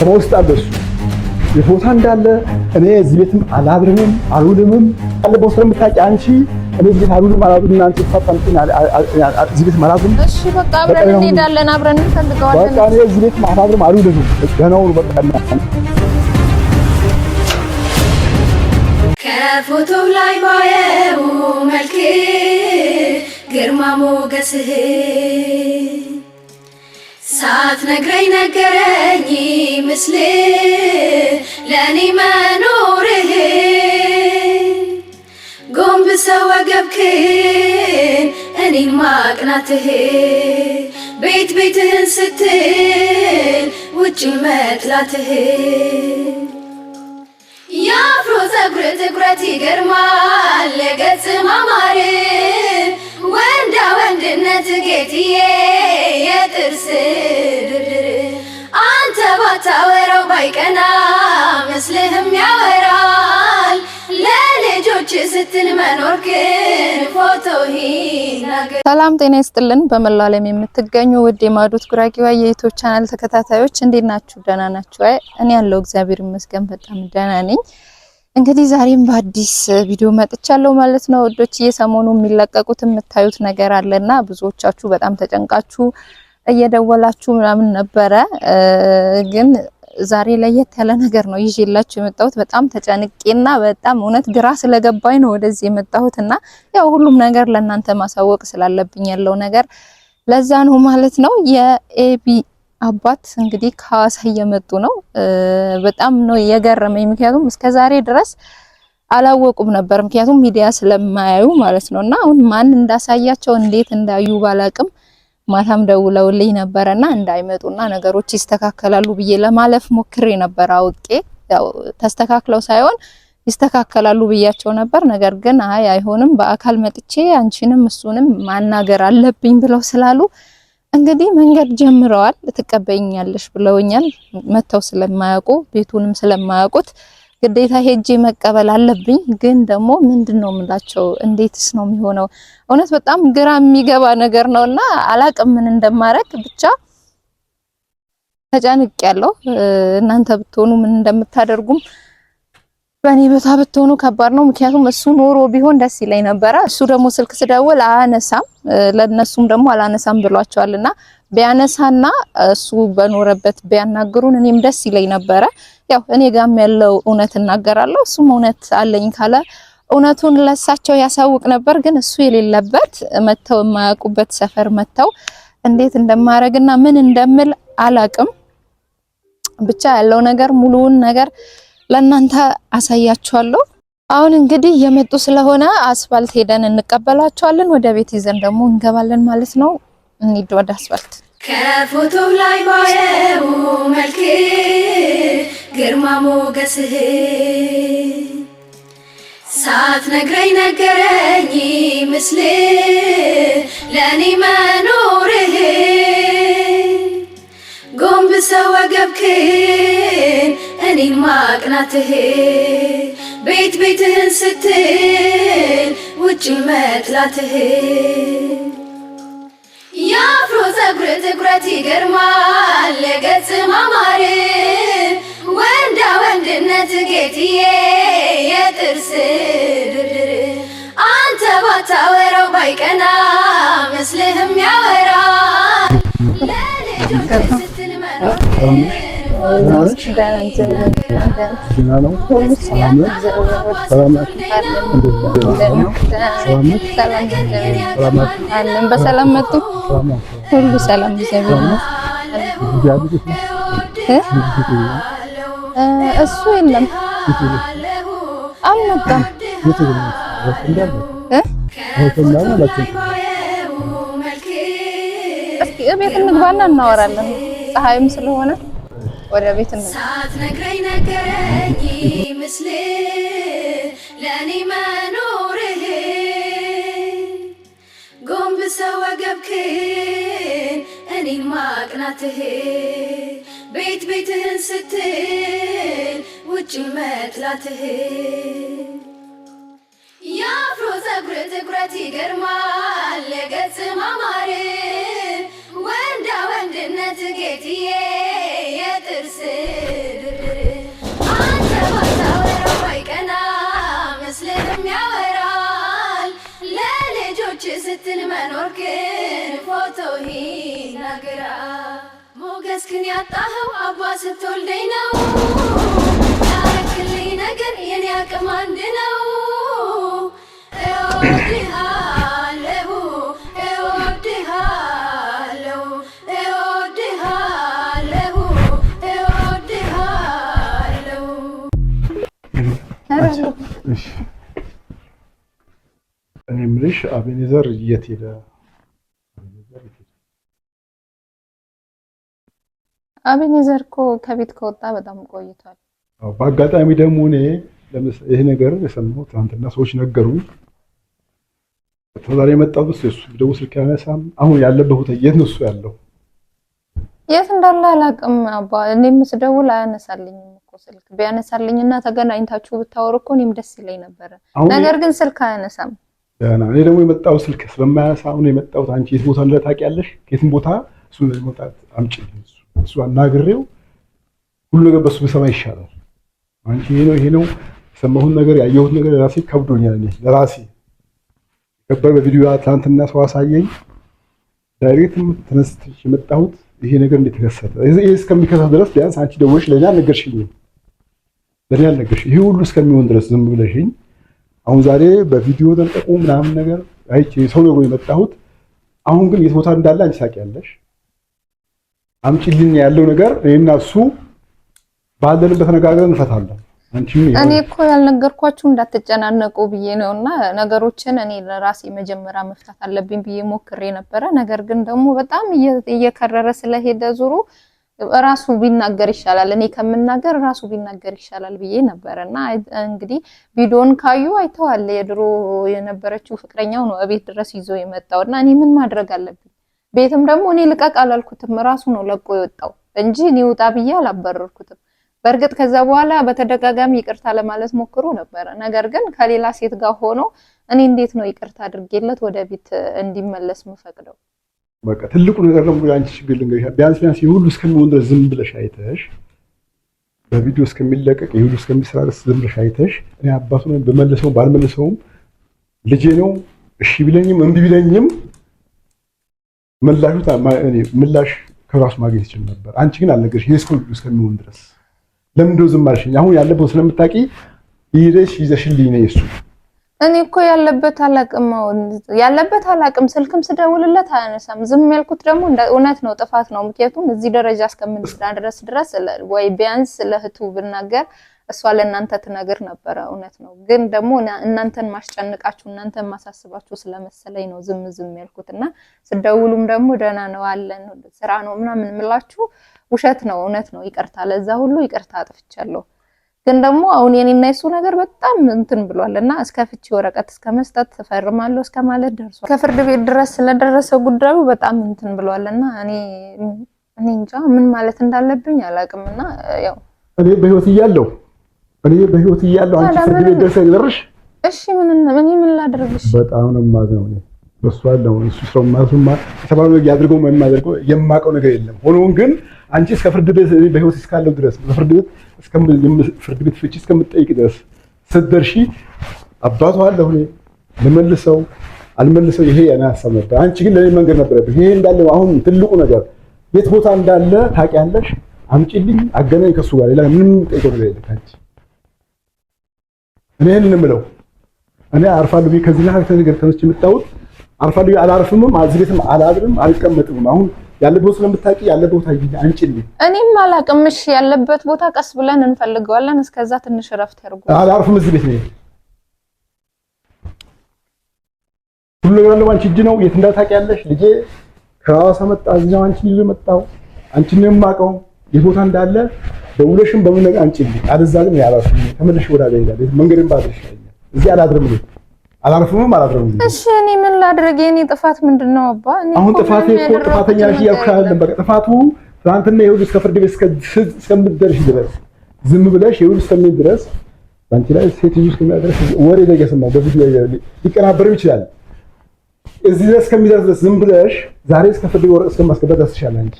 ከመውስጥ አለ የቦታ እንዳለ እኔ እዚህ ቤትም አላድርምም አሉልምም ያለ ቦታ ስለምታውቂ አንቺ እኔ እዚህ ቤት አልውልም አላድርም እናንቺ ተፋጣምኩ እዚህ ቤት አላድርም። እሺ በቃ አብረን እንሄዳለን፣ አብረን እንፈልገዋለን። በቃ እኔ እዚህ ቤት አላድርም አልውልም ገናውን በቃ ከፎቶ ላይ ባየው መልክ ግርማ ሞገስህ ሳትነግረኝ ነገረኝ ምስል ለእኔ መኖርህ ጎንብሰህ ወገብክን እኔን ማቅናትህ ቤት ቤትህን ስትል ውጭ መጥላትህ የአፍሮ ፀጉር ትኩረት ይገርማል ለገጽ ማማር ወንዳ ወንድነት ጌትዬ የጥርስ ድርድር አንተ ባታወራው ባይቀና ምስልህም ያወራል። ለልጆች ስትል መኖርክን ፎቶ ሰላም ጤና ይስጥልን። በመላው ዓለም የምትገኙ ውድ የማዕዶት ጉራጌዋ የዩቲዩብ ቻናል ተከታታዮች እንዴት ናችሁ? ደህና ናችሁ? እኔ ያለው እግዚአብሔር ይመስገን በጣም ደህና ነኝ። እንግዲህ ዛሬም በአዲስ ቪዲዮ መጥቻለሁ ማለት ነው ወዶች። የሰሞኑ የሚለቀቁት የምታዩት ነገር አለና ብዙዎቻችሁ በጣም ተጨንቃችሁ እየደወላችሁ ምናምን ነበረ። ግን ዛሬ ለየት ያለ ነገር ነው ይዤላችሁ የመጣሁት። በጣም ተጨንቄና በጣም እውነት ግራ ስለገባኝ ነው ወደዚህ የመጣሁት እና ያው ሁሉም ነገር ለእናንተ ማሳወቅ ስላለብኝ ያለው ነገር ለዛ ነው ማለት ነው የኤቢ አባት እንግዲህ ከሐዋሳ እየመጡ ነው። በጣም ነው የገረመኝ። ምክንያቱም እስከዛሬ ድረስ አላወቁም ነበር፣ ምክንያቱም ሚዲያ ስለማያዩ ማለት ነው። እና አሁን ማን እንዳሳያቸው እንዴት እንዳዩ ባላቅም ማታም ደውለውልኝ ነበረና እንዳይመጡና ነገሮች ይስተካከላሉ ብዬ ለማለፍ ሞክሬ ነበር። አውቄ ያው ተስተካክለው ሳይሆን ይስተካከላሉ ብያቸው ነበር። ነገር ግን አይ አይሆንም፣ በአካል መጥቼ አንቺንም እሱንም ማናገር አለብኝ ብለው ስላሉ እንግዲህ መንገድ ጀምረዋል። ትቀበይኛለሽ ብለውኛል። መተው ስለማያውቁ ቤቱንም ስለማያውቁት ግዴታ ሄጄ መቀበል አለብኝ። ግን ደግሞ ምንድን ነው የምላቸው? እንዴትስ ነው የሚሆነው? እውነት በጣም ግራ የሚገባ ነገር ነውና አላቅም ምን እንደማረግ ብቻ ያለው እናንተ ብትሆኑ ምን እንደምታደርጉም በእኔ ቦታ ብትሆኑ ከባድ ነው። ምክንያቱም እሱ ኖሮ ቢሆን ደስ ይለኝ ነበረ። እሱ ደግሞ ስልክ ስደውል አያነሳም፣ ለነሱም ደግሞ አላነሳም ብሏቸዋል። እና ቢያነሳና እሱ በኖረበት ቢያናግሩን እኔም ደስ ይለኝ ነበረ። ያው እኔ ጋም ያለው እውነት እናገራለሁ፣ እሱም እውነት አለኝ ካለ እውነቱን ለሳቸው ያሳውቅ ነበር። ግን እሱ የሌለበት መተው የማያውቁበት ሰፈር መተው እንዴት እንደማረግና ምን እንደምል አላቅም። ብቻ ያለው ነገር ሙሉውን ነገር ለእናንተ አሳያችኋለሁ። አሁን እንግዲህ የመጡ ስለሆነ አስፋልት ሄደን እንቀበላቸዋለን። ወደ ቤት ይዘን ደግሞ እንገባለን ማለት ነው። እንሂድ ወደ አስፋልት። ከፎቶ ላይ ባየው መልክ ግርማ ሞገስህ ነግረኝ ነገረኝ ምስል ለእኔ መኖርህ ጎንብሰ ወገብክን እኔማ ቅናትህ ቤት ቤትህን ስትል ውጭ መጥላትህ የአፍሮ ፀጉር ትኩረት ይገርማል ለገጽ ማማር ወንዳ ወንድነት ጌትዬ የጥርስ ድርድር አንተ ባታወራው ባይቀና መስልህም ያወራል ለልጆች ስትል መራ አለን። በሰላም ሰላም እሱ የለም አልመጣም። እስኪ እቤት እንግባና እናወራለን ፀሐይም ስለሆነ ወደ ቤት ሳትነግረኝ ነገረኝ ምስል ለእኔ መኖርህ ጎንብሰህ ወገብክን እኔን ማቅናትህ ቤት ቤትህን ስትል ውጭ መጥላትህ የአፍሮ ፀጉር ትኩረት ይገርማል ለገጽ ማማር ወንዳ ወንድነት ጌትዬ መኖር ግን ፎቶ ይናገራ ሞገስክን ያጣኸው አባ ስትወልደኝ ነው። ያረክልኝ ነገር የኔ አቅም አንድ ነው። እወድሃለሁ እወድሃለሁ እወድሃለሁ እሺ አቤኔዘር የት ሄደ? አቤኔዘር እኮ ከቤት ከወጣ በጣም ቆይቷል። በአጋጣሚ ደግሞ እኔ ይሄ ነገር የሰማው ትናንትና ሰዎች ነገሩ ተዛሬ የመጣሁት እሱ ደውል ስልክ ያነሳም። አሁን ያለበት የት ነው ያለው? የት እንዳለ አላውቅም አባ። እኔም ስደውል አያነሳልኝም እኮ ስልክ። ቢያነሳልኝና ተገናኝታችሁ ብታወሩ እኮ እኔም ደስ ይለኝ ነበረ። ነገር ግን ስልክ አያነሳም። ደህና እኔ ደግሞ የመጣው ስልክ ስለማያሳ አሁን የመጣሁት አንቺ የት ቦታ እንዳለ ታውቂያለሽ። ከየትም ቦታ እሱ እንደዚህ መውጣት አምጪ እሱ አናግሬው ሁሉ ነገር በሱ ብሰማ ይሻላል። አንቺ ይሄ ነው ይሄ ነው የሰማሁት ነገር ያየሁት ነገር ለራሴ ከብዶኛል። እኔ ለራሴ ከበር በቪዲዮ ትናንትና ሰው አሳየኝ። ዳይሬክትም ተነስተሽ የመጣሁት ይሄ ነገር እንደተከሰተ ተከሰተ? ይሄ እስከሚከሰት ድረስ ቢያንስ አንቺ ደውለሽ ለእኔ አልነገርሽኝም። ለእኔ አልነገርሽኝ ይሄ ሁሉ እስከሚሆን ድረስ ዝም ብለሽኝ አሁን ዛሬ በቪዲዮ ተንጠቁ ምናምን ነገር አይቼ ሰው ነው የመጣሁት። አሁን ግን የት ቦታ እንዳለ አንቺ ታውቂያለሽ። አምጪልኝ ያለው ነገር እኔና እሱ ባለንበት ነጋገር እንፈታለን። አንቺ እኔ እኮ ያልነገርኳችሁ እንዳትጨናነቁ ብዬ ነው እና ነገሮችን እኔ ለራሴ መጀመሪያ መፍታት አለብኝ ብዬ ሞክሬ ነበረ። ነገር ግን ደግሞ በጣም እየከረረ ስለሄደ ዙሩ ራሱ ቢናገር ይሻላል፣ እኔ ከምናገር ራሱ ቢናገር ይሻላል ብዬ ነበረ። እና እንግዲህ ቪዲዮን ካዩ አይተዋል። የድሮ የነበረችው ፍቅረኛው ነው እቤት ድረስ ይዞ የመጣው እና እኔ ምን ማድረግ አለብኝ? ቤትም ደግሞ እኔ ልቀቅ አላልኩትም፣ ራሱ ነው ለቆ የወጣው እንጂ እኔ ውጣ ብዬ አላባረርኩትም። በእርግጥ ከዛ በኋላ በተደጋጋሚ ይቅርታ ለማለት ሞክሮ ነበረ። ነገር ግን ከሌላ ሴት ጋር ሆኖ እኔ እንዴት ነው ይቅርታ አድርጌለት ወደ ቤት እንዲመለስ ምፈቅደው? በቃ ትልቁ ነገር ደግሞ የአንቺ ችግር ልንገርሽ፣ ቢያንስ ቢያንስ የሁሉ እስከሚሆን ድረስ ዝም ብለሽ አይተሽ በቪዲዮ እስከሚለቀቅ የሁሉ እስከሚሰራ ዝም ብለሽ አይተሽ እኔ አባቱ ነኝ በመለሰውም ባልመለሰውም ልጄ ነው እሺ ቢለኝም እምቢ ቢለኝም ምላሹ ምላሽ ከራሱ ማግኘት ይችል ነበር። አንቺ ግን አልነገርሽ የስኩል እስከሚሆን ድረስ ለምንድነው ዝም አልሽኝ? አሁን ያለበት ስለምታውቂ ይዘሽ ይዘሽልኝ ነው የእሱ እኔ እኮ ያለበት አላቅም ያለበት አላቅም። ስልክም ስደውልለት አያነሳም። ዝም ያልኩት ደግሞ እውነት ነው ጥፋት ነው። ምክንያቱም እዚህ ደረጃ እስከምንደርስ ድረስ ወይ ቢያንስ ለእህቱ ብናገር እሷ ለእናንተ ትነግር ነበረ። እውነት ነው፣ ግን ደግሞ እናንተን ማስጨንቃችሁ እናንተን ማሳስባችሁ ስለመሰለኝ ነው ዝም ዝም ያልኩት እና ስደውሉም ደግሞ ደህና ነው አለን ስራ ነው ምናምን ምላችሁ ውሸት ነው። እውነት ነው። ይቅርታ፣ ለዛ ሁሉ ይቅርታ አጥፍቻለሁ። ግን ደግሞ አሁን የኔና የሱ ነገር በጣም እንትን ብሏል እና እስከ ፍቺ ወረቀት እስከ መስጠት እፈርማለሁ እስከ ማለት ደርሷል። ከፍርድ ቤት ድረስ ስለደረሰ ጉዳዩ በጣም እንትን ብሏል እና እኔ እኔ እንጃ ምን ማለት እንዳለብኝ አላውቅም። እና ያው እኔ በህይወት እያለሁ እኔ በህይወት እያለሁ አንቺ ፍርድ ቤት ደርሰሽ እሺ ምን ምን ላደርግሽ በጣም ነው የማዝነው በሷ ነው እሱ ሰው ማሱማ ያድርገው የማውቀው ነገር የለም። ሆኖም ግን አንቺ እስከ ፍርድ ቤት በህይወት እስካለው ድረስ ፍርድ ቤት እስከ ፍርድ ቤት ፍቺ ድረስ ስትደርሺ አባቷ አለ ልመልሰው አልመልሰው ይሄ ሀሳብ ነበር። አንቺ ግን ለኔ መንገድ ነበረብሽ። ይሄ እንዳለ አሁን ትልቁ ነገር የት ቦታ እንዳለ ታውቂያለሽ። አምጪልኝ፣ አገናኝ ከሱ ጋር ሌላ ምንም ነገር የለም እኔ እኔ አርፋለሁ ከዚህ ነገር ተነስቼ አርፋለሁ አላርፍምም፣ እዚህ ቤትም አላድርም፣ አልቀመጥም። አሁን ያለ ቦታ ስለምታውቂ ያለ ቦታ አንጭልኝ። እኔም አላውቅም። ያለበት ቦታ ቀስ ብለን እንፈልገዋለን። እስከዛ ትንሽ እረፍት ያርጉ። አላርፍም እዚህ ቤት ነው ሁሉ ነገር ያለው አንቺ እጅ ነው። የት እንዳታውቂ ያለሽ ልጄ ከሐዋሳ መጣ፣ እዚህ ነው አንቺን ይዞ መጣው። አንቺን ነው የማውቀው የት ቦታ እንዳለ ደውለሽም በምን ነገር አንቺልኝ። አለዛ ግን ያላርፍም። ተመልሽ ወደ አገር ሄዳለሁ። መንገድን ባድርሽ እዚህ አላድርም ልጅ አላርፍም ማለት ነው። እሺ እኔ ምን ላድርግ? የኔ ጥፋት ምንድን ነው? አባ እኔ አሁን ጥፋቴ እኮ ጥፋተኛ ነሽ እያልኩሽ አይደለም። በቃ ጥፋቱ ትናንትና ይሁን እስከ ፍርድ ቤት እስከምትደርሺ ድረስ ዝም ብለሽ ይኸውልሽ፣ እስከሚል ድረስ ባንቺ ላይ ሴት ልጅ እስከሚል ድረስ ወሬ ላይ የሰማው በቪዲዮ ሊቀናበርም ይችላል። እዚህ ድረስ እስከሚደርስ ድረስ ዝም ብለሽ ዛሬ እስከ ፍርድ ቤት ወረቀት እስከማስገባት ደርስሻል። አንቺ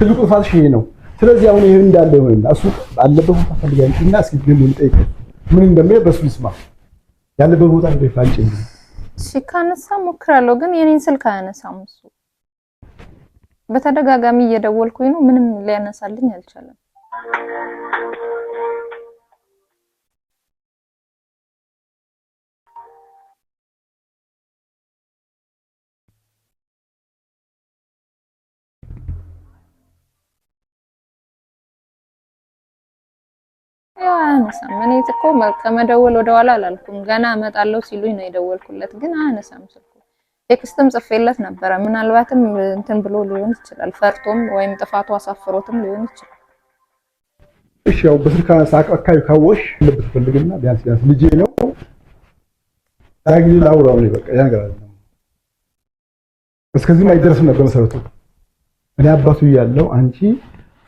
ትልቁ ጥፋትሽ ይሄ ነው። ስለዚህ አሁን ይሄን እንዳለ ይሆንና እሱ አለበት ቦታ ፈልጊ አንቺ እና እስኪ ግን ምን እንደሚል በሱ ይስማ ያለበት ቦታ እንደ ፋንጭ እሺ፣ ካነሳ ሞክራለሁ፣ ግን የኔን ስልክ አያነሳም እሱ። በተደጋጋሚ እየደወልኩኝ ነው፣ ምንም ሊያነሳልኝ አልቻለም። አያነሳም። እኔ እኮ ከመደወል ወደኋላ አላልኩም። ገና እመጣለሁ ሲሉኝ ነው የደወልኩለት፣ ግን አያነሳም ስልኩ። ቴክስትም ጽፌለት ነበረ። ምናልባትም እንትን ብሎ ሊሆን ይችላል፣ ፈርቶም ወይም ጥፋቱ አሳፍሮትም ሊሆን ይችላል። እሺ፣ ያው በስልክ አካባቢ ካወሽ ልብት ፈልግና ቢያንስ ቢያንስ ልጄ ነው ጊዜ ላውራው ነው በቃ ያ እስከዚህም አይደርስም ነበር መሰረቱ እኔ አባቱ እያለሁ አንቺ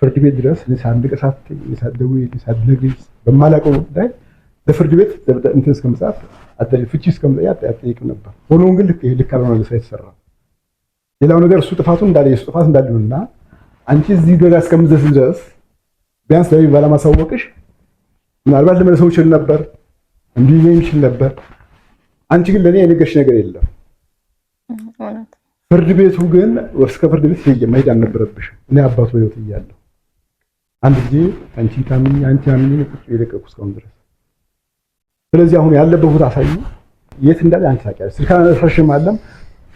ፍርድ ቤት ድረስ ሳንድ ቀሳት ሳደዊ ሳድነግሪ በማላውቀው ጉዳይ ለፍርድ ቤት እንትን እስከመጻፍ ፍቺ እስከመጠየቅ አጠያይቅም ነበር። ሆኖም ግን ልክ ልክ አልሆነ ስራ የተሰራ ሌላው ነገር እሱ ጥፋቱ እንዳለ የሱ ጥፋት እንዳለ ነውና አንቺ እዚህ ድረስ እስከምዘስ ድረስ ቢያንስ ለሚ ባለማሳወቅሽ ምናልባት ልመለሰው ይችል ነበር፣ እምቢ ይለኝ ነበር። አንቺ ግን ለእኔ የነገርሽ ነገር የለም። ፍርድ ቤቱ ግን እስከ ፍርድ ቤት መሄድ አልነበረብሽ እኔ አባቱ ህይወት እያለሁ አንድ ጊዜ አንቺ ታምኝ አንቺ አምኝ ነው ቁጭ የለቀቁ እስካሁን ድረስ። ስለዚህ አሁን ያለበት ቦታ አሳዩ፣ የት እንዳለ አንቺ ታውቂያለሽ። ስልካናሽም አለም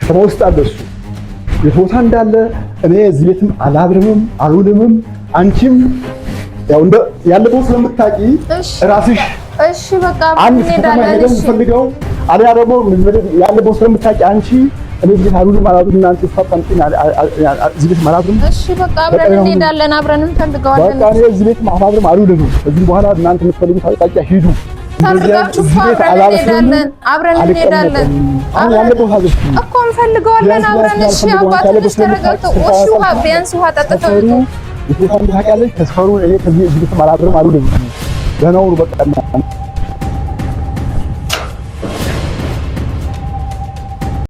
ከተማ ውስጥ አለ እሱ የት ቦታ እንዳለ እኔ እዚህ ቤትም አላድርምም አልውልምም። አንቺም ያው እንደ ያለበት ስለምታውቂ ራስሽ እሺ፣ በቃ አንድ ስለምፈልገው አለ ያለበት ስለምታውቂ አንቺ እኔ ግን አልውልም አላሉም። እናንተ ይፋጣምጥኝ እዚህ ቤት ማላትም እሺ፣ በቃ አብረን እንሄዳለን፣ አብረን እንፈልገዋለን። በቃ እኔ እዚህ ቤት ማፋብርም አልውልም። እዚህ በኋላ እናንተ የምትፈልጉት አጣቂያ ሂዱ። ታርጋችሁ አብረን እንሄዳለን፣ አብረን እንሄዳለን። አሁን ያለበት ሀገር እኮ እንፈልገዋለን አብረን። እሺ፣ አባቶች ተረጋግተው እሺ፣ ውሃ ቢያንስ ውሃ ጠጥተው ይሄ ታውቂያለሽ። ተስፈሩ እኔ ከዚህ እዚህ ቤት ማላትም አልውልም። ደህና ሁኑ በቃ